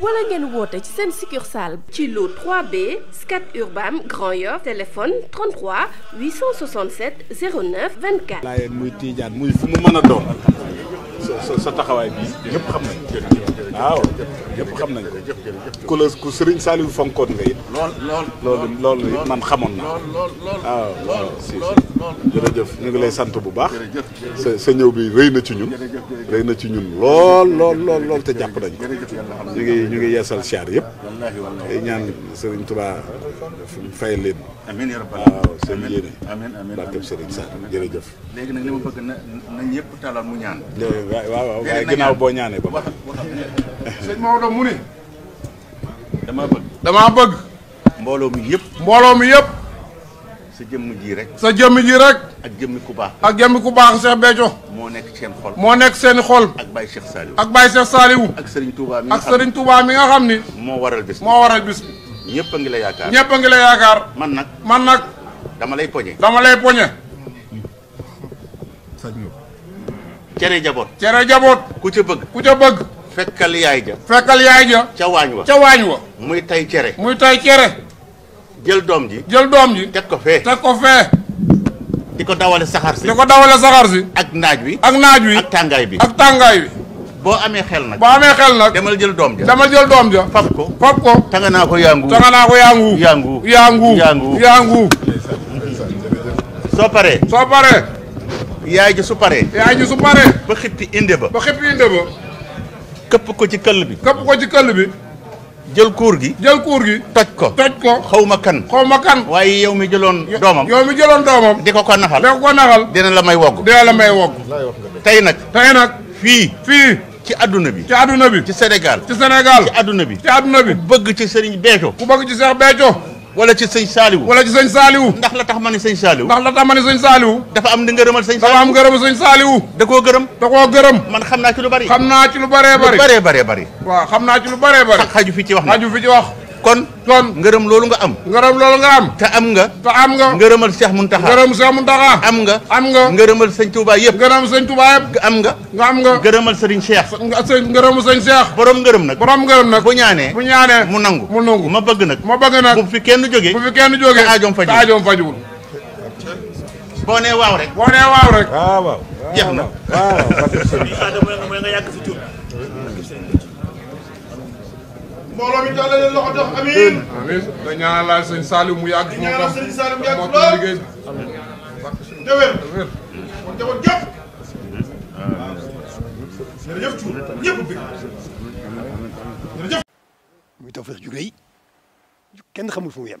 wala ngeen woote ci seen succursale ci lu 3B Scat Urbam Grand Yoff téléphone 33 867 09 24. laayeen muy tiijaan muy fu mu mën a doon sa taxawaay bi yëpp xam nañ waaw yëpp xam nañ ko ku la ku Serigne Saliou fonkoon nga it. lool lool loolu man xamoon naa waaw waaw si jërëjëf ñu ngi lay sant bu baax sa sa ñëw bi rëy na ci ñun rëy na ci ñun lool lool lool lool te jàpp nañ ko ñu ngi ñu ngi yeesal siyaar yëpp day ñaan Serigne Touba fay leen waaw seen yéene barkeb Serigne Saliou jërëjëf léegi nag li ma bëgg na na mu ñaan waaw waaw waaye ginnaaw boo ñaanee ba sëñ Maodo mu ni damaa bëgg damaa bëgg mbooloo mi yëpp mbooloo mi yëpp sa jëmm jii rek sa jëmm ji rek ak jëmmi ku baax ak jëmmi ku baax Cheikh Béthio moo nekk seen xol moo nekk seen xol ak Baye Cheikh Saliou ak Baye Cheikh ak Serigne Touba mi ak Serigne Touba mi nga xam ni moo waral bis moo waral bis bi ñëpp a ngi la yaakaar ñëpp a ngi la yaakaar man nag man nag dama lay poñe dama lay poñe cere jaboot cere jaboot ku ca bëgg ku ca bëgg fekkal yaay ja fekkal yaay ja ca waañ wa ca waañ wa muy tay cere muy tay cere jël doom ji jël doom ji teg ko fee teg ko fee di ko dawale saxaar si di ko dawale saxaar si ak naaj wi ak naaj wi ak tàngaay bi ak tàngaay bi boo amee xel nag boo amee xel nag demal jël doom ja demal jël doom ja fab ko fab ko tanga naa ko yaangu tanga naa ko yaangu yaangu yaangu yaangu yaangu soo paree soo paree yaay ji su paree yaay ji su paree ba xitti inde ba ba xitti inde ba këpp ko ci këll bi. këpp ko ci këll bi. jël kuur gi. jël kuur gi. toj ko toj ko xaw ma kan. xaw ma kan waaye yow mi jëloon doomam. yow mi jëloon doomam. di ko ko nafal di ko ko nafal. dina la may wogg. dina la may wogg. tey nag. tey nag fii. fii ci adduna bi. ci adduna bi ci senegal ci Sénégal ci bi. ci adduna bi bëgg ci Serigne Béthio. ku bëgg ci Serigne Béthio. wala ci sëñ saaliwu wala ci sëñ saaliwu ndax la tax ma ne sëñ saaliwu ndax la tax ma ne sëñ saaliwu dafa am di ngërëmal sëñ dafa am ngërëmal sëñ saaliwu da koo gërëm da koo gërëm man xam naa ci lu bari xam naa ci lu bëree bëri bëree bëree bëri waaw xam naa ci lu bëree bëri xaju fi ci wax xaju fi ci wax kon kon ngërëm loolu nga am ngërëm loolu nga am te am nga te am nga ngërëmal Cheikh Mountakha ngërëm Cheikh Mountakha am nga am nga ngërëmal sëñ Touba yëpp ngërëm sëñ Touba yëpp am nga nga am nga ngërëmal sëriñ Cheikh ngërëmu sëñ seex borom ngërëm nag borom ngërëm nag bu ñaane bu ñaanee mu nangu mu nangu ma bëgg nag ma bëgg nag bu fi kenn jógee bu fi kenn jógee aajoom fajul aajoom fajul boo nee rek boo nee waaw rek waaw waaw jeex na waaw mbooloo mi jox leen loxo jox amiin. amiin da ñaanal sëñ Saliou mu yàgg. mu yàgg sëñ Saliou mu yàgg moo tax liggéey bi. déwén kon jamono jëpp. jërëjëf Thioune ñëpp bëgg. jërëjëf. muy tawfeex ju rëy kenn xamul fu mu yem.